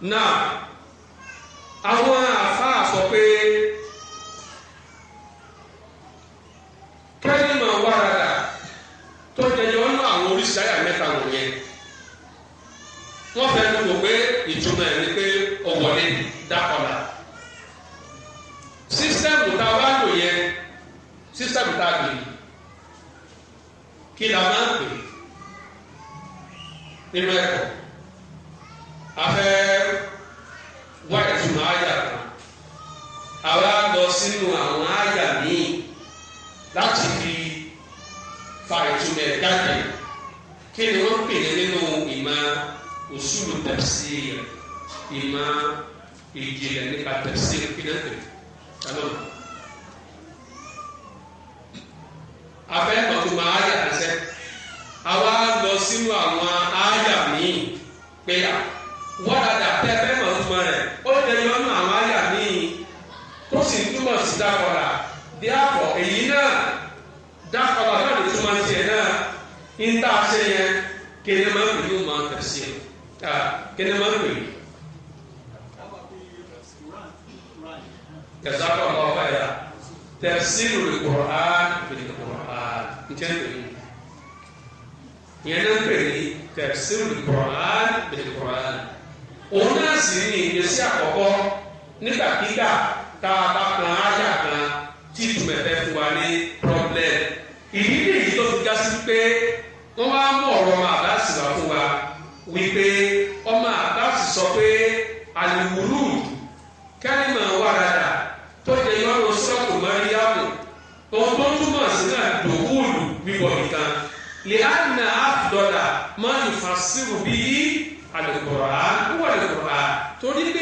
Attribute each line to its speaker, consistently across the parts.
Speaker 1: now àwọn àfáà sọ pé kẹ́lìmọ̀ wàràdà tó jẹjọ nínú àwọn oríṣi àyà mẹ́ta wọ̀nyẹn wọ́n fẹ́ ló wò pé ìtumọ̀ ẹ̀ ni pé ọ̀wọ́lé dákọ̀lá sísẹ́mù tá a wá lò yẹn sísẹ́mù tá a gbé kí la máa ń pè nínú ẹ̀kọ́ afẹ́. àwa lọ sínú àwọn àyà míì láti fi fa ìtumọ̀ ẹ̀ jáde kí ni wọ́n pè ní nínú ìmọ̀ usulu tafsir ìmọ̀ ìjìnlẹ̀ nípa tafsir kí náà tẹ̀ kálọ̀. abẹ́ ọ̀túnmọ̀ àyà ẹsẹ̀ àwa lọ sínú àwọn àyà míì pé ah, what are dakọ̀dà díàpọ̀ èyí náà dakọ̀dà náà lè túmọ̀ ní tiẹ̀ náà ń tà ṣe yẹn kéde máa ń pè ní ọmọ àtẹ̀sí kéde máa ń pè ní. kẹsàkọ̀ ọ̀gá ọ̀gá yà tẹ̀sí lórí Kùránì pèlè Kùránì ntẹ́ pè ní. yẹn náà pè ní tẹ̀sí lórí Kùránì pèlè Kùránì. òun náà sì ní ìgbésí àkọ́kọ́ nígbàkigbà tá a bá kan áyà kan tí ìtumọ̀ ẹ̀fẹ́ fún wa ní problem ìdí nìyí tó fi já sí pé wọ́n wá mú ọ̀rọ̀ ọmọ àbáàsì wá fún wa wípé ọmọ àbáàsì sọ pé àlùwùrù kẹ́lìmọ̀ wàràdà tó jẹ yọ̀rọ̀ sọ́ọ̀tù mọ́ríyàmù ohun tó túmọ̀ sí náà dòwúlù bíbọ̀ nìkan lè á nà á dọ̀dà mọ́ ìfàsírù bíi àlùkòrò á wọ́n àlùkòrò á torí pé.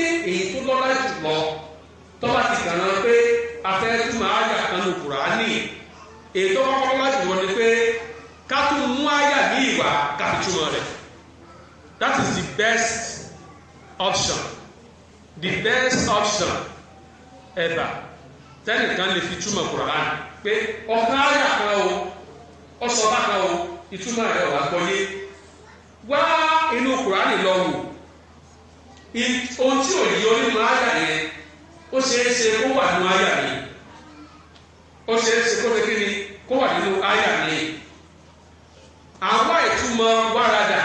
Speaker 1: ètò kọ́kọ́ láti wọ́n ni pé ká tún mú àyà ní ìwà ká túmọ̀ rẹ̀ that is the best option the best option ever tẹ́nìkan lè fi túmọ̀ Qur'an pé ọ̀kan àyà kan o ọ̀sọ̀ bá kan o ìtumọ̀ rẹ̀ ọ̀la gbọ́yé wá inú Qur'an lọ wò ohun tí ò yí onímọ̀ àyà yẹn ó ṣeé ṣe kó wà nínú àyà yẹn ó ṣeé ṣe kó ṣe kí ni. kó wà nínú àyà mi àwa ìtumọ̀ wàràdà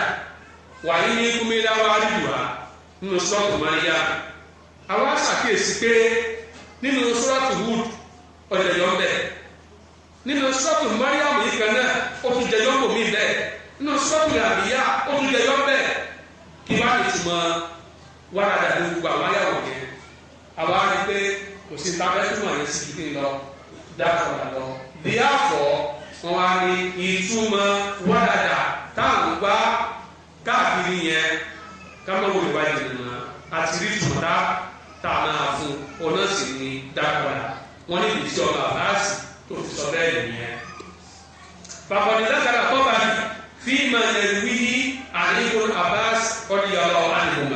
Speaker 1: wà ní kúmílá wa rìbùwà nínú sọ́ọ̀tù Maria àwa ṣàkíyèsí pé nínú sọ́ọ̀tù Hud ọ̀jọ̀jọ̀ ń bẹ̀ nínú sọ́ọ̀tù Maria yìí kan náà ó tún jẹjọ́ kò mí bẹ́ẹ̀ nínú sọ́ọ̀tù àbíyá ó tún jẹjọ́ therefore wọn wá ní ìtumọ̀ wàdàdà táwọn gbá káàkiri yẹn kámẹ́wò ìwádìí nínú àti rí tùmọ̀tá tá a máa fún ọ̀nà sì ní dákúrà wọn ní ìdí ọmọ àbáàsì tó fi sọ bẹ́ẹ̀ nìyẹn. bàbọ̀dé lákàrà kọ́ba fíìmù ẹ̀rù wíyí àníkùn àbáàsì ọ̀dìyàwó àníkùn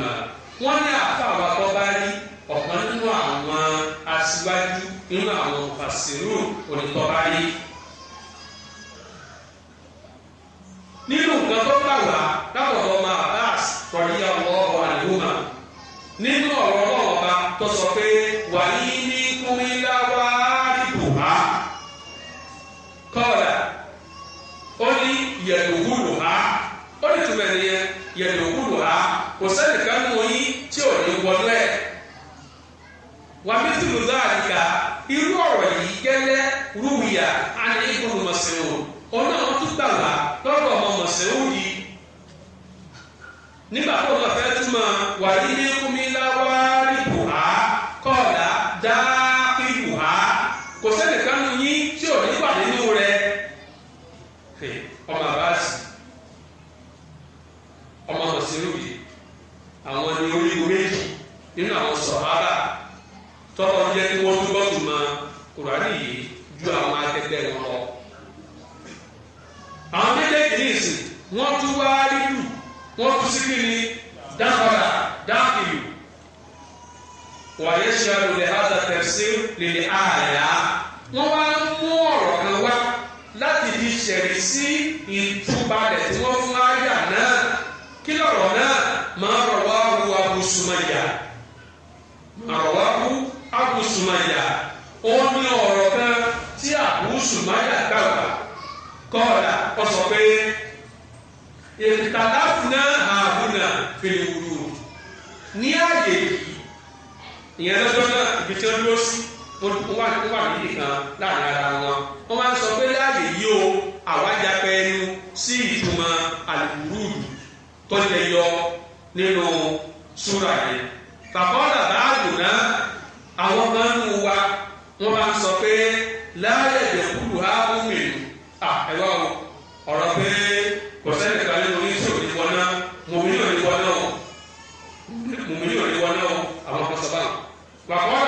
Speaker 1: wọn ní àbá. nínú àwọn fàṣírù onítọ́ba rí. nínú nǹkan tó gbà wá látọ̀dọ̀ ọmọ Abbas rọ̀lí àwọn ọ̀rọ̀ àdúgbò nínú ọ̀rọ̀ náà ọba tó sọ pé wàyí ní kúmílá wá dìbò wá kọ́ọ̀dà ó ní yẹ̀dùkú lò wá ó ní túmẹ̀ nìyẹn yẹ̀dùkú lò wá kò sẹ́nìkan nù yín tí ò ní wọlé wàmí tìlú dáadìka. irú ọ̀rọ̀ yìí gẹ́lẹ́ rúwìyà àti ìbùnú mọ̀sẹ̀wò ọ̀nà wọn tún gbà tọrọ ọmọ mọ̀sẹ̀wò yìí nígbà tó kí ni dákọ̀dà dákìlù wàyé ṣàlù lè hàdà tẹ̀sí lè lè àyà wọ́n wá mú ọ̀rọ̀ kan wá láti fi ṣẹ̀rí sí ìtúbalẹ̀ tí wọ́n fún àyà náà kí lọ̀rọ̀ náà máa rọ̀ wá wu Abu Sumayya máa rọ̀ ní ààyè yìí ìyẹn lọ́jọ́ náà ibi tí wọ́n dúró sí wọ́n wà níbi kan láàrin ara wọn wọ́n máa ń sọ pé láàyè yìí o àwájápẹ́ ẹnu sí ìtumọ̀ àlùkùrùdù tó lè yọ nínú súra yẹn fàkọ́lá báàgù náà àwọn kan ń wa wọ́n máa ń sọ pé láàyè ìdẹ̀kùrù ha ó mèlú à ẹ̀rọ ọ̀rọ̀ pé kò sẹ́ni La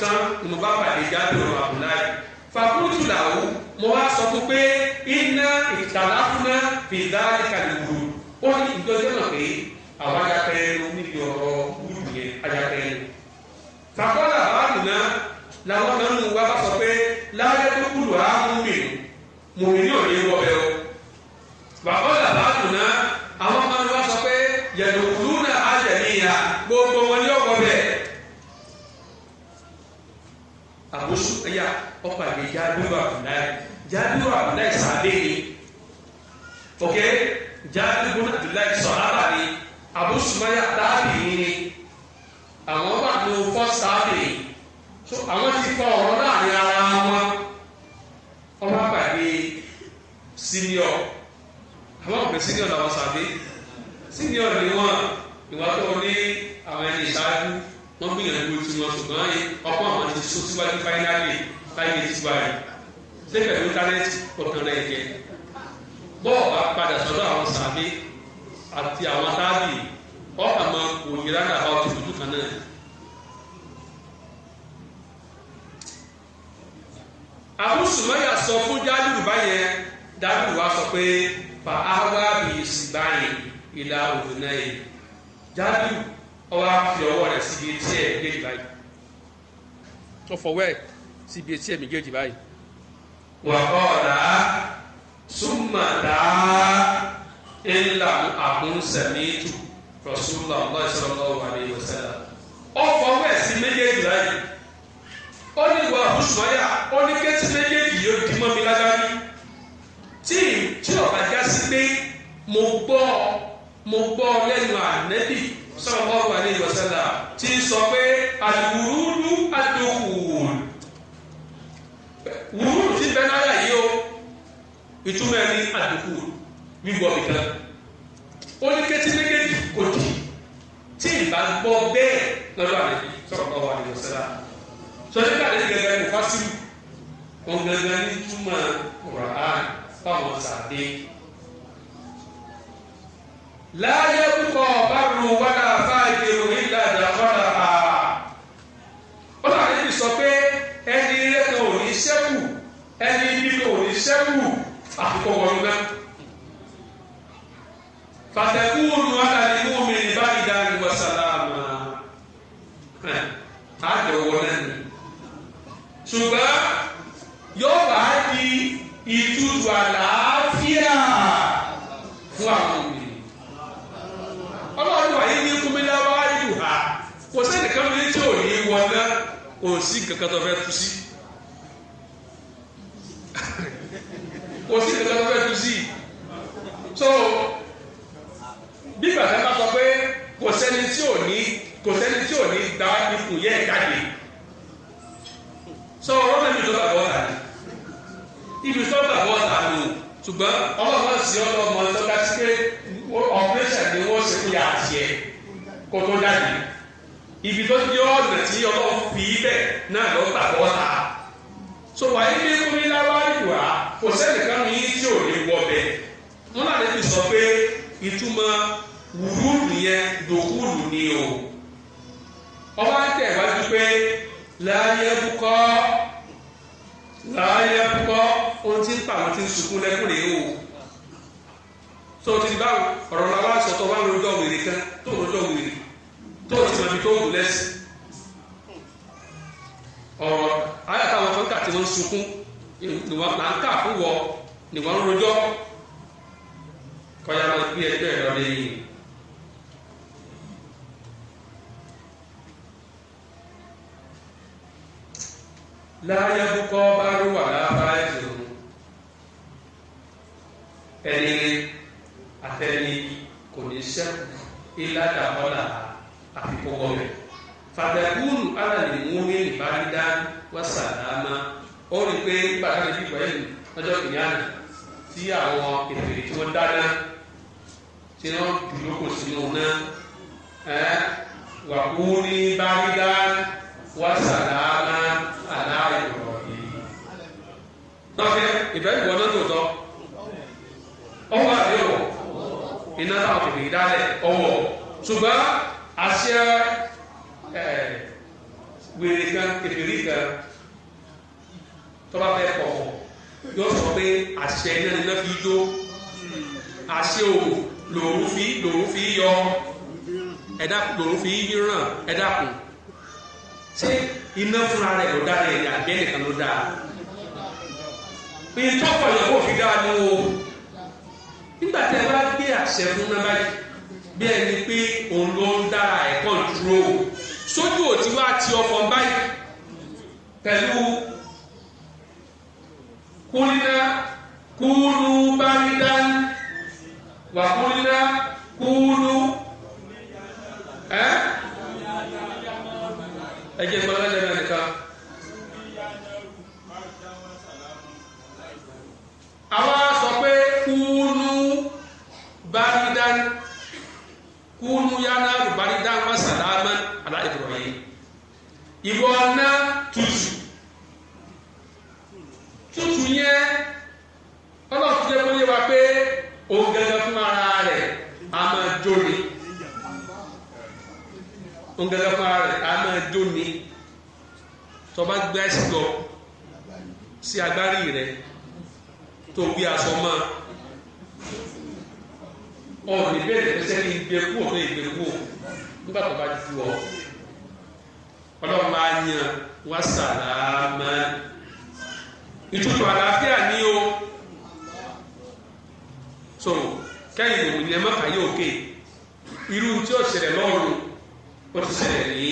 Speaker 1: tán ni mo bá pàdé jábìrì ọmọ abdullahi fàkúrútù làwù mo wá sọ fún pé iná ìtàláfúná fìdá ìkàlùkù ó ní ìdọ́jọ́ náà pé àwọn ajapẹ̀rù níbi ọ̀rọ̀ wúlù yẹn ajapẹ̀rù. fàkọ́lá báàlù náà làwọn kan nù wá sọ pé láyé tó kúlù á mú mi mú mi ní òye wọ bẹ́ẹ̀ o. bàbá sọfíà ọkọ àgbẹ jábírù abdullahi jábírù abdullahi sàbẹ ni ok jábírù abdullahi sọlábà ni abusumaya tábì ni àwọn wà ní fọ so àwọn ti fọ ọ̀rọ̀ láàrin ara wọn ọba pàdé senior àwọn ọ̀pẹ senior làwọn sàbẹ senior ni wọn ìwà tó ní àwọn ẹni ìṣáájú wọ́n gbìyànjú tí wọ́n ṣùgbọ́n ọ̀pọ̀ àwọn ti sún síwájú fáínàlì láyé ti wá rẹ̀ lẹ́gbẹ̀ẹ́ ló tálẹ́tì ọ̀kan rẹ̀ jẹ. bọ́ọ̀ bá padà sọ́dọ̀ àwọn sàbí àti àwọn táàbì ọ̀pọ̀ àmọ́ òyìnbá dàbà ọtí tuntun kan náà. àbúṣùmọ́yà sọ fún jáde báyẹn dábì wá sọ pé fa áwá bìí sì báyìí ìlà òdùnnà yìí jáde ọwọ́ fi ọwọ́ rẹ̀ síbi etí ẹ̀ méjèèjì báyìí tó fọwọ́ ẹ̀ síbi etí ẹ̀ méjèèjì báyìí. wà á ọ̀dà súnmọ̀dá ńlá àmúnsẹ̀mẹ́tù rọ̀ṣúlá ọlọ́ọ̀ṣọ́lọ́ wà ní ìwọ̀sẹ̀lá. ó fọwọ́ ẹ̀ sí méjèèjì báyìí ó ní ìwà àbúṣọ́yà ó ní kẹ́tí méjèèjì yóò dí mọ́ mi lágbárí tí tí ọ̀bàjá sí pé mo gbọ́ mo gbọ́ lẹ́nu ànẹ́bì sallallahu alayhi wa sallam ti sọ pé àdùwúrúdú àdùwùn wúrúdú ti bẹ́ẹ̀ náírà yìí o ìtumọ̀ ẹni àdùwùn wíwọ ìkan ó ní kétí méjèèjì kò dì tí ìbá gbọ́ bẹ́ẹ̀ lọ́dọ̀ àlejò sallallahu alayhi wa sallam sọdí kàdé gẹ́gẹ́ kò fásitì òun gẹ́gẹ́ ní túmọ̀ Kùránì fáwọn sàdé láyé púpọ̀ bárù wádà fáàjì òní ìlànà kọ́nà à. ó dàbí ibi sọ pé ẹni ilé kan ò ní ṣẹ́kù ẹni ibi kan ò ní ṣẹ́kù àfikún wọn lọ́gbẹ́. fàtẹ́kù. sí nǹkan kan tó fẹ́ tú sí kò sí nǹkan kan tó fẹ́ tú sí so bí gbàgbé bá sọ pé kò sẹ́ni tí ò ní kò sẹ́ni tí ò ní gba ipò yẹ jáde so ọ̀rọ̀ náà mi tó gbàgbọ́ ta ni ibi tó gbàgbọ́ ta ni ṣùgbọ́n ọlọ́run sì ọlọ́mọ tó dá sí pé ọ̀pẹ́sẹ̀ ni wọ́n ṣe fún yàrá kó tó jáde ibi tó ti yọ ọ̀nà tí ọlọ́run fi bẹ̀ náà lọ gbà ta so wàá ilé kúmi láwárí wá kò sẹ́nìkan ní tí ò ní wọ bẹ̀ wọn náà lè fi sọ pé ìtumọ̀ wùrúùrù yẹn dòkúlù ni o ọba ń tẹ̀ wájú pé láyé bukọ́ láyé bukọ́ ohun tí ń pa àwọn tí ń sunkún lẹ́kùn rèé o tó o ti báwo ọ̀rọ̀ làwọn aṣọ tó wà lójọ́ wèrè kan tó lójọ́ wèrè tó o ti mọ̀ ibi tó wù lẹ́sìn ọ̀rọ̀ ayàtàwọn tó ń kà tí wọ́n ń sunkún nìwọ̀n là ń kà fún wọ nìwọ̀n ń rojọ́ kọ́ya máa gbé ẹgbẹ́ rẹ lẹ́yìn. láyé bukọ́ bá rí wà lábá ẹ̀sìn ẹni àtẹni kò ní sẹ́kù ilá kó wọ bẹ̀. fàtẹ̀kùrù alàlè mú ní ìbárídá wà sàlámà ó rí i pé nígbà tá a lè fi ìgbà yìí lọ́jọ́ kìnìún tí àwọn ètèrè tí wọ́n dáná tí wọ́n dùdókò sínú náà wà kú ní bárídá wà sàlámà aláàyè rọ̀ yìí. lọ́fẹ̀ẹ́ ìbẹ́rù wọn náà tó tọ́ ọwọ́ àbí ọ̀wọ́ iná táwọn kìnìún dálẹ̀ ọwọ́ ṣùgbọ́n ahyɛ ɛɛ wele kan kebiri kan tɔba bɛ kɔkɔ yɔ sɔ pé ahyɛ nani na fi do ahyɛ fi lòun fi yọ ẹ̀dá lòun fi yíran ẹ̀dá kun ṣé iná fúnra rẹ̀ ló dá rẹ̀ ní àgbẹ̀ nìkan ló dá ìtọ́kọ̀ yẹ kó nígbà tí ẹ bá gbé àṣẹ fún náà báyìí bí ẹni pé òun ló ń dára ẹ̀ kọ́ńtúrò sójú òtí wá ti ọkọ̀ báyìí pẹ̀lú kúlínà kúlú bárídán wà kúlínà kúlú ẹ ẹ jẹ́ gbọ́dọ̀ lẹ́nu. so kẹ́yìn lòun ni ẹ má fàyè òkè irú tí ó ṣẹlẹ̀ lọ́run ó ti ṣẹlẹ̀ ní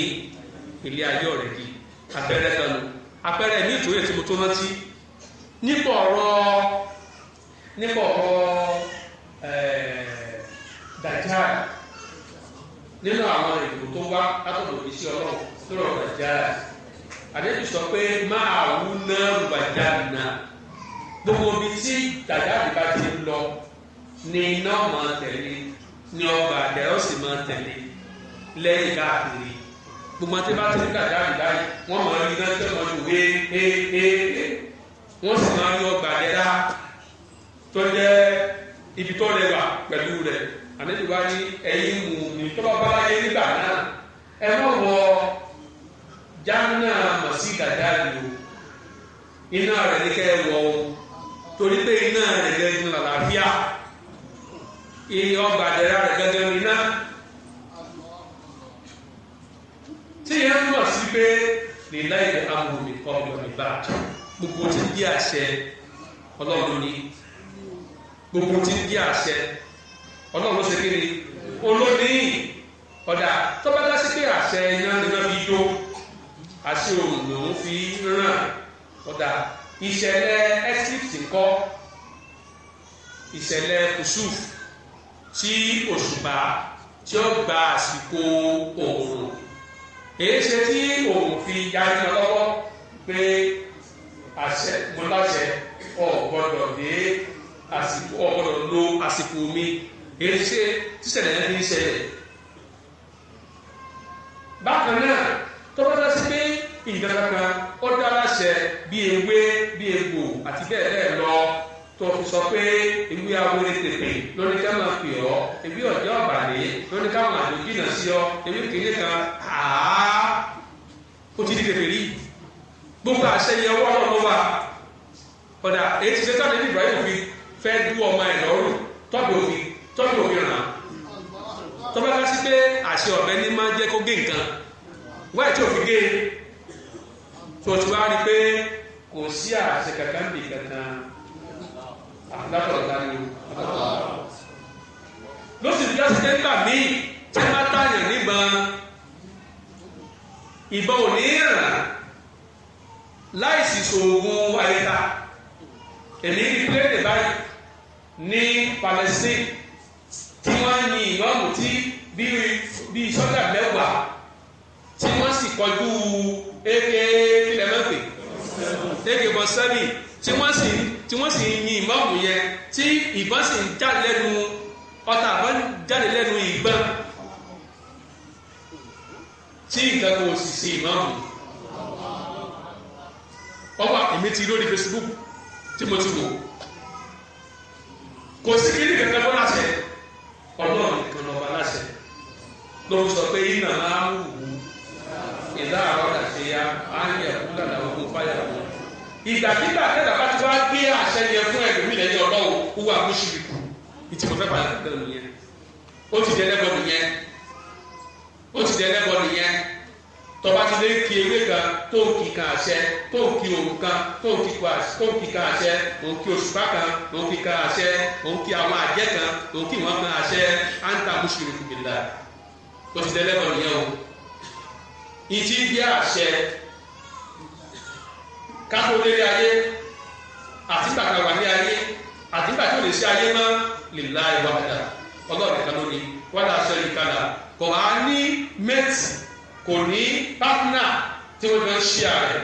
Speaker 1: ilé ayé ọ̀rẹ́ yìí àpẹẹrẹ kan nù àpẹẹrẹ ní ìtòyè tí mo tó rántí nípa ọ̀rọ̀ nípa ọ̀rọ̀ eh, dàjà nínú àwọn ìdìbò tó wá látọ̀dọ̀ òbí ọlọ́run lọ́rọ̀ dàjà àdébí sọ pé máa wú náà rúbàjá nà gbogbo omi tí dàjà àdìbá ti lọ ni iná máa tẹ̀lé ni ọgbà àdẹ́ ó sì máa tẹ̀lé lẹ́yìn káàkiri gbogbo àti bá ti ní kàdá àdá yìí wọ́n máa rí iná tẹ̀ wọ́n lò é é é wọ́n sì máa rí ọgbà àdẹ́ dá tó jẹ́ ibi tó lẹ́wà pẹ̀lú rẹ̀ àmẹ́tìwá ní ẹ̀yìn mú mi tó bá bá láyé nígbà náà ẹ má wọ jáná màsí kàdá yìí o iná rẹ̀ ní kẹ́ ẹ wọ̀ o torí pé iná rẹ̀ gẹ́gẹ́ ní làlàáfíà iye ọgbà àdẹ̀rà rẹ̀ gẹ́gẹ́ ní iná. tí yẹn mọ̀ sí pé nílá ìlú amòmí ọ̀gbọ̀n ìbá gbogbo ti di àṣẹ ọlọ́run ni gbogbo ti di àṣẹ ọlọ́run ṣe kí ni olóní ọ̀dà tọ́ba dá sí pé àṣẹ iná níná fi yó àṣẹ òun lòún fi ràn ọ̀dà ìṣẹ̀lẹ̀ eclipse ńkọ́ ìṣẹ̀lẹ̀ kùsùfù tí òṣùpá tí ó gba àsìkò òòrùn èyí ṣe tí òòrùn fi yarí lọ lọ́wọ́ pé àṣẹ mo láṣẹ ọ̀ gbọ́dọ̀ dé àsìkò ọ̀ gbọ́dọ̀ lo àsìkò mi èyí ṣe tíṣẹ̀lẹ̀ yẹn fi ń ṣẹlẹ̀ bákan náà tó bá dá sí pé nǹkan ó dá láṣẹ bí ewé bí egbò àti bẹ́ẹ̀ bẹ́ẹ̀ lọ tó fi sọ pé ewé awore tètè lórí ká máa pè ọ́ ewé ọ̀jọ́ ọ̀bàdé lórí ká máa dùn jìnnà sí ọ ewé kìíní kan àá ó ti di tètè rí gbogbo àṣẹ yẹn wọ́n lọ lọ́wọ́ ọ̀dà èyí ti ṣe káàdé ní Ibrahim fi fẹ́ dú ọmọ ẹ̀ lọ́rùn tọ́bi òfin tọ́bi òfin ràn án tọ́ba ká sí pé àṣẹ ọ̀bẹ ní máa jẹ́ kó gé nǹkan wáyé tí òfin gé e. tó ti wá pé kò sí àṣẹ kankan àdàpọ̀ ìdáni ló sì fi jásí nígbà míì tí wọ́n bá tààyàn níbọn ìbọn ò ní ràn láìsí sòògùn àyíká èmi ní pílẹ́ẹ̀dì báyìí ní Palestine tí wọ́n ń yin ìmọ̀ọ́mù tí bíi sọ́jà mẹ́wàá tí wọ́n sì kọjú ak lẹ́mọ̀pẹ̀ ak bọ́sẹ́mì tí wọ́n sì ń tí wọ́n sì ń yin ìmáàmù yẹn tí ìbọn sì ń jáde lẹ́nu ọta àbọ̀ jáde lẹ́nu ìbọn tí nǹkan kò sì sí ìmáàmù. ọwọ́ èmi ti lórí Facebook tí mo ti wò kò sí kí ní kankan lọ́la ṣe ọlọ́run nìkan lọ́ba láṣẹ ló ń sọ pé iná máa ń wù ú ìdá àwọn àṣeyá á ń yẹ kúlà làwọn kó fáyà wọn ìgbàkigbà tẹ́lẹ̀ bá ti wá gbé àṣẹ yẹn fún ẹ̀dùnmí lẹ́yìn ọlọ́wọ́ owó àmúṣubì kù ìtìmọ̀fẹ́ bàlẹ́ tẹ́lẹ̀ nìyẹn ó ti dẹ́ lẹ́bọ̀ nìyẹn ó ti dẹ́ lẹ́bọ̀ nìyẹn tọba ti lé ki ewé kan tó ń kí kan àṣẹ tó ń kí òun kan tó ń kí kan tó ń kí kan àṣẹ òun kí oṣù kí kan àṣẹ òun kí àwọn àjẹ kan òun kí wọn kan àṣẹ à ń ta mùsùlùmí kùbìlà ó ti dẹ́ lẹ́bọ̀ nìyẹn o ìtì bí àṣẹ kátó lórí ayé àtìgbà kan wà ní ayé àtìgbà tó lè ṣe ayé mọ́ lè la ìwà padà ọlọ́run kan lónìí wọ́n á sẹ́yìn padà kò á ní mẹ́tì kò ní pátánà tí wọ́n fẹ́ ṣí ààrẹ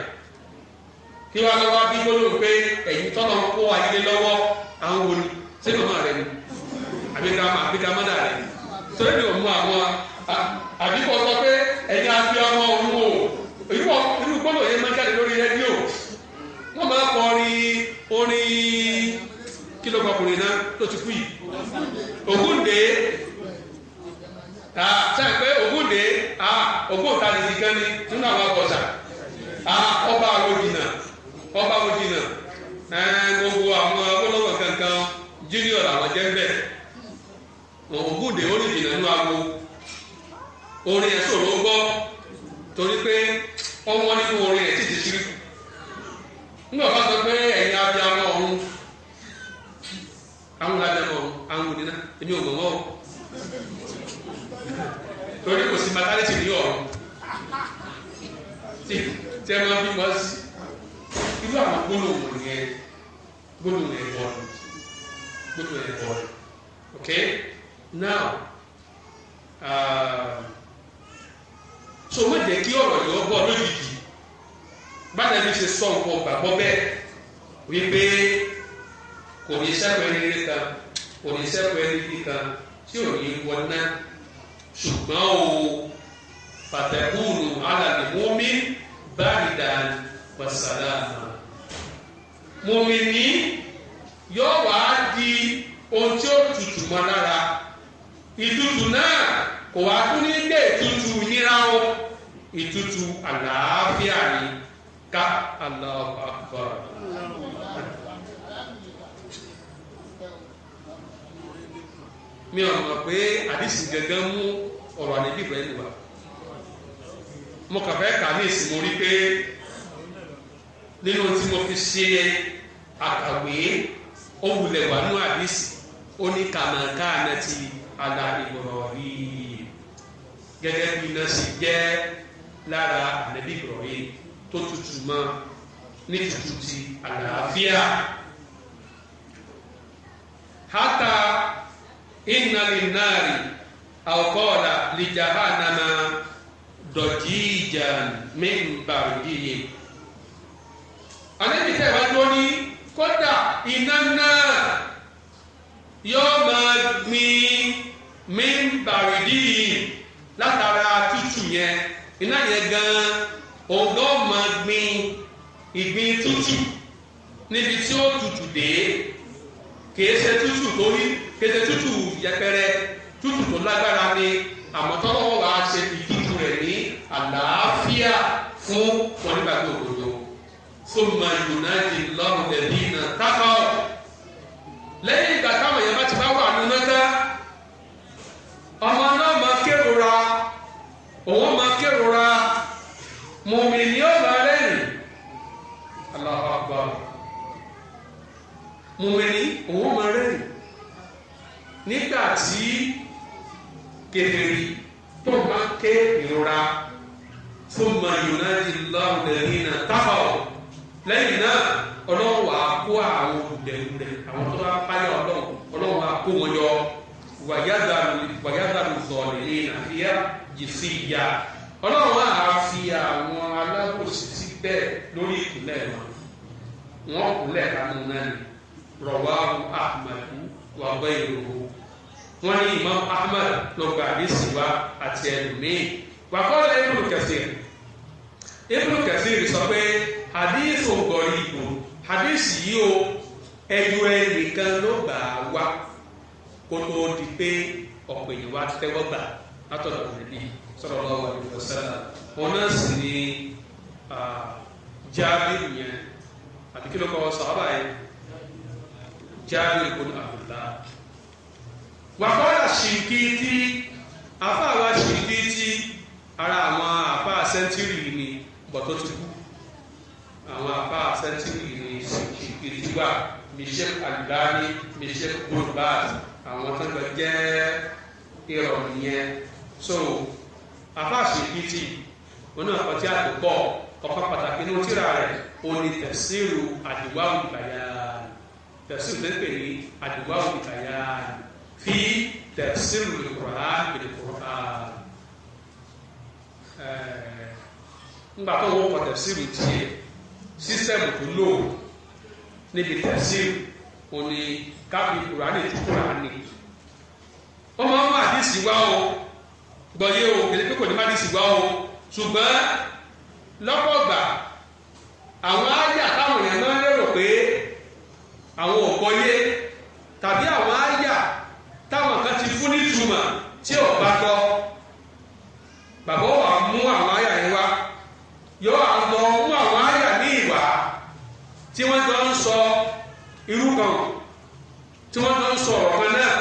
Speaker 1: kí wọ́n lọ́wọ́ bí gbólóhùn pé ẹ̀yin tọ́lọ̀ ń kó ayé lọ́wọ́ àwọn wo ni sẹ́yìn ọmọ rẹ ni àbíkà àbíkà mọ́dà rẹ ni sọ́yìn ọmọ àwọn àbíkọ́ tọ́ lótùkú yìí Ògúndé ta pé a ògúnta lè di gani nínú àwọn a ah, ọba àwòdìnà ọba àwòdìnà gbogbo àwọn kankan junior àwọn jẹ bẹ ó lè dìnnà nínú orin torí pé ọmọ nínú orin nígbà sọ pé èmi ò mọ̀ wọ́n o torí kò sí maternity ní ọ̀run tí tẹ́ máa bí wọ́n sí irú àwọn gbólóhùn yẹn gbólóhùn yẹn bọ̀ gbólóhùn yẹn bọ̀ ok now uh, so mo jẹ́ kí ọ̀rọ̀ yìí ọ bọ̀ lójijì gbàdá mi ṣe sọ nǹkan gbàgbọ́ bẹ́ẹ̀ wípé kò ní sẹ́kọ̀ọ́ ẹni rẹ̀ kò ní sẹ́kù ẹni nìkan tí ò ní wọ ná ṣùgbọ́n o fàtẹ́kùnù alàlẹ́ mọ́mí báàdà wàsálàmà mọ́mí ní yóò wá di ohun tí ó tutù mọ́ lára ìtutù náà kò wá kú ní gbé ìtutù nira o ìtutù àlàáfíà ni ká Allahu akbar.
Speaker 2: mi ò mọ̀ pé àdìsí gangan
Speaker 1: mú ọ̀rọ̀ àdébí Ibrahim wá
Speaker 2: mo kàn fẹ́ kà ní ìsìn mo rí pé
Speaker 1: nínú tí mo fi ṣe àkàwé ó wulẹ̀ wà nú àdìsí ó ní kàmáńká ti ala ìgbọ̀rọ̀ rí gẹ́gẹ́ bí iná ṣe jẹ́ lára àdébí Ibrahim tó tutù mọ́ ní tutù ti àlàáfíà. hátà inna linnari àwòkọ́ọ̀là lìjàhánàmà dọ̀jíjà mẹ́mbàrúdìyẹ.
Speaker 2: àlejò tẹ̀ wájú
Speaker 1: ó ní kódà iná náà yóò máa gbin mẹ́mbàrúdìyẹ látara tútù yẹn iná yẹn gan ọgọ́ máa gbin ìgbín tútù níbi tí ó tutù dé kìí ṣe tútù tó kéde tútù yẹpẹrẹ tútù tó lágbára ni àmọ́ tọ́lọ́wọ́ wa ṣe ìdíjú rẹ̀ ní àlàáfíà fún onígbàgbọ́ òdodo sọmọ yunadi lọrùn lẹbi náà káfọ lẹ́yìn ìgbà táwọn èèyàn bá ti bá wà nínú náà ọmọ náà máa kérora òun máa kérora mọ̀mìnì ni ó máa rẹ́rìn Allahu Akbar mọ̀mìnì òun máa nígbà tí kèfèrí tó bá ké ìrora tó mọ yunadi lọ́wọ́ lẹ́yìn náà tábà ọ̀ lẹ́yìn náà ọlọ́run wà á kó àwọn olùdẹ̀wùdẹ̀ àwọn tó bá páyà ọlọ́run ọlọ́run wà á kó wọn yọ wàyádàlú sọ̀rọ̀ ní àfíà jìsí ìyá ọlọ́run wà á fi àwọn alákòóso sí lórí ìpínlẹ̀ wọn wọn kúnlẹ̀ kánú náà ni rọ̀wá ahmadu wàgbẹ́ ìròhó wọ́n ní imam ahmed lọ́gbà àdìsí wa àti ẹlòmíì wàkọ́lá ibnu kathir
Speaker 2: ibnu kathir sọ pé
Speaker 1: àdìsí ò gọ̀rí ìbò àdìsí yìí o ẹjọ ẹnìkan ló gbà wá kó tó di pé ọ̀pọ̀ èèyàn wá tẹ́wọ́ gbà látọ̀dọ̀ nàbí sallallahu alaihi wasallam wọn náà sì ní jábìrì yẹn àbíkí ló kọ́ sọ̀rọ̀ báyìí jábìrì ibn abdullah wàkọ́lá ṣìkìtì àfa àwa ṣìkìtì ara àwọn àfa sẹ́ńtírì ni bọ̀tọ́ ti kú àwọn àfa sẹ́ńtírì ni ṣìkìtì wà michel alibani michel bonbaz àwọn tó ń lọ jẹ́ irọ́ nìyẹn so àfa ṣìkìtì wọn náà kọjá àdúgbò ọ̀kan pàtàkì ní tíra rẹ̀ òní tẹ̀síìrù àdìwáwù ìbàyà tẹ̀síìrù tó ní àdìwáwù ìbàyà ni. في تفسير القرآن بالقرآن nígbà tó wọ́pọ̀ tẹ̀síìrì tiẹ̀ sísẹ́mù tó lò níbi tẹ̀síìrì òní káfí kùránì tó kùránì ó máa ń mú àdìsí wá o gbọ̀yé o kèlè pé kò ní má àdìsí wá o túmọ̀ tí ò bá gbọ́ bàbá wa mú àwọn àyà yẹn wá yọ àlọ́ mú àwọn àyà ní ìwà tí wọ́n jọ ń sọ irú kan tí wọ́n jọ ń sọ ọ̀rọ̀ kan náà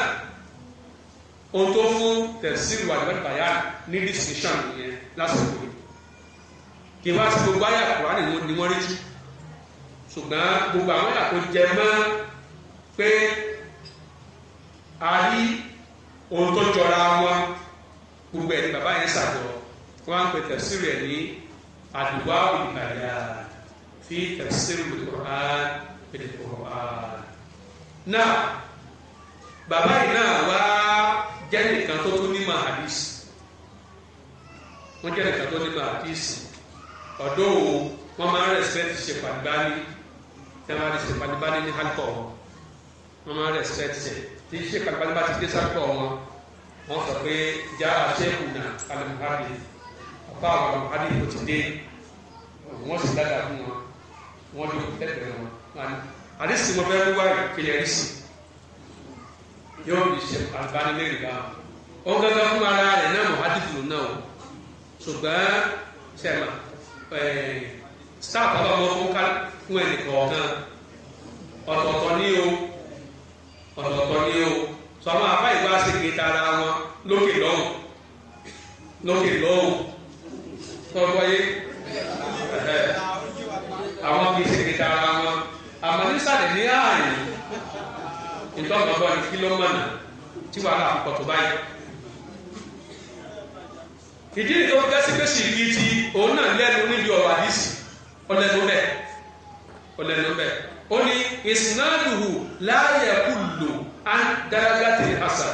Speaker 1: ohun tó fún tẹ̀sílù àdìbàdìbàyà ní discussion yẹn lásìkò yìí kí wọ́n ti gbogbo àyà kúránì ni wọ́n rí jù ṣùgbọ́n gbogbo àwọn àyà tó jẹ mọ́ pé a rí ohun tó jọra wọn gbogbo ẹ̀ ní bàbá yẹn ṣàjọ wọn á ń pè tẹ̀sírì ẹ̀ ní àdùgbà ìbàdà fi tẹ̀sírì bìlìkọ̀rá bìlìkọ̀rá. náà bàbá yìí náà wá jẹ́ nìkan tó tún nímọ̀ àdìsí wọ́n jẹ́ nìkan tó nímọ̀ àdìsí ọ̀dọ́ o wọ́n máa ń rẹ̀spẹ̀tì ṣe pàdébáni tẹ́lá ṣe pàdébáni ní hálkọ̀ wọ́n máa ń rẹ̀spẹ̀tì ṣe tí ṣe kàlùbáni bá ti dé sápọ̀ wọn wọ́n sọ pé já àṣẹ́kù nà alimuhadi bàbá àwọn alimuhadi kò ti dé wọ́n sì dáadáa fún wọn wọ́n dúró lẹ́gbẹ̀ẹ́ wọn àdìsí wọn fẹ́ wíwá ìpìlẹ̀ àdìsí yóò fi ṣe àlùbáni lè rí bá wọn gángan fún ara rẹ̀ náà muhadi fún un náà ṣùgbọ́n sẹ́mà ẹ̀ẹ́d staff àbábọ̀ fún ẹnì kọ̀ọ̀kan ọ̀tọ̀ọ̀tọ̀ ní o ọ̀tọ̀ọ̀tọ̀ ni o sọ àwọn àbá ìlú àṣekè tara wọn lókè lọ́hùn lókè lọ́hùn tọ́gbọ́yé àwọn kì í ṣèké tara wọn àmọ́ nísàlẹ̀ ní ààyè ìtọ́gbọ̀gbọ́ ni kí ló mọ̀nà tí wàhálà pọ̀ tó báyìí ìdí nìkan wọn gẹ́sí pé ṣìkì ti òun náà lẹ́nu níbi ọ̀rọ̀ àdìsí ọlẹ́nu bẹ́ẹ̀ ọlẹ́nu bẹ́ẹ̀ ó ní ìsìnàdùhù láàyè kùlù dáradárate àṣà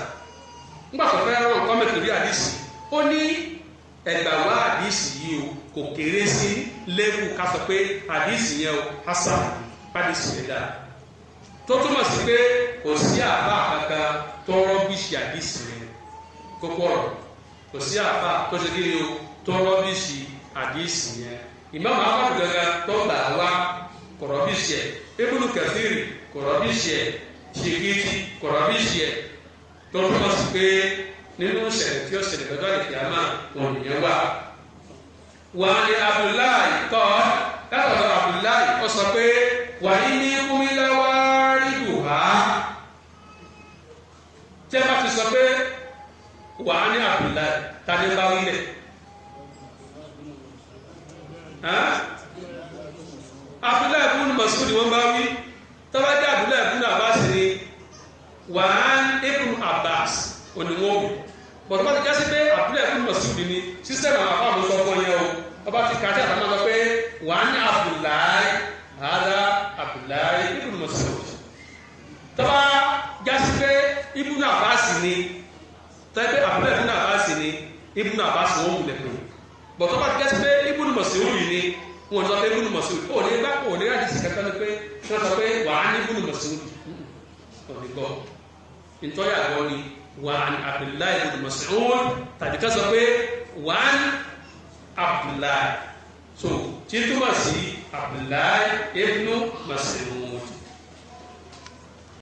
Speaker 1: ńgbà tó fẹ́ rán nǹkan mẹ́tò rí àdìsí ó ní ẹ̀gbàwá àdìsí yìí o kò kéré sí lẹ́wù ká sọ pé àdìsí yẹn o hasan àdìsí yẹn dáa tó túmọ̀ sí pé kò sí àbá kankan tó rọ́bìṣì àdìsí yẹn kókó ọ̀rọ̀ kò sí àbá tó ṣe kí ni o tó rọ́bìṣì àdìsí yẹn ìmọ̀ màá fàdùn gangan tó gbà wá korobishe Ibn Kathir korobishe Shikiti korobishe tó túmọ̀ sí pé nínú ìṣẹ̀lẹ̀ tí ó ṣẹlẹ̀ lọ́jọ́ ìkìyàmá ònìyàn wà. wà á ní Abdullahi kọ́ látọ̀dọ̀ Abdullahi ó sọ pé wà ní ní kúmíláwá rídù wá. tẹ́ bá ti sọ pé wà á ní Abdullahi tani bá wí lẹ̀. Abdullahi. Mas'ud wọ́n bá wí tọ́ba jẹ́ Abdullahi ibn Abbas ni wàhán ibn Abbas oníwọ̀n bọ̀dọ̀ bá ti jásí pé Abdullahi ibn Mas'ud ni sísẹ́nà àwọn afáàmù sọ fún yẹn o ọba ti kàtí àtàwọn ọmọ pé wàhán Abdullahi hàdá Abdullahi ibn Mas'ud tọ́ba jásí pé ibn Abbas ni tẹ́gbẹ́ Abdullahi ibn Abbas ni ibn Abbas wọ́n wù lẹ́kùn bọ̀dọ̀ bá ti jásí pé ibn Mas'ud ni wọn sọ pé bùnú mọ̀sùn ò ní bá ò ní láti sìkẹ́tọ́ ni pé wọ́n sọ pé wà á ní bùnú mọ̀sùn ò ní gbọ́ ni wà á ní Abdullahi bùnú mọ̀sùn ò tàbí ká sọ pé wà á ní Abdullahi so títúmọ̀ sí Abdullahi ibnu Mas'ud.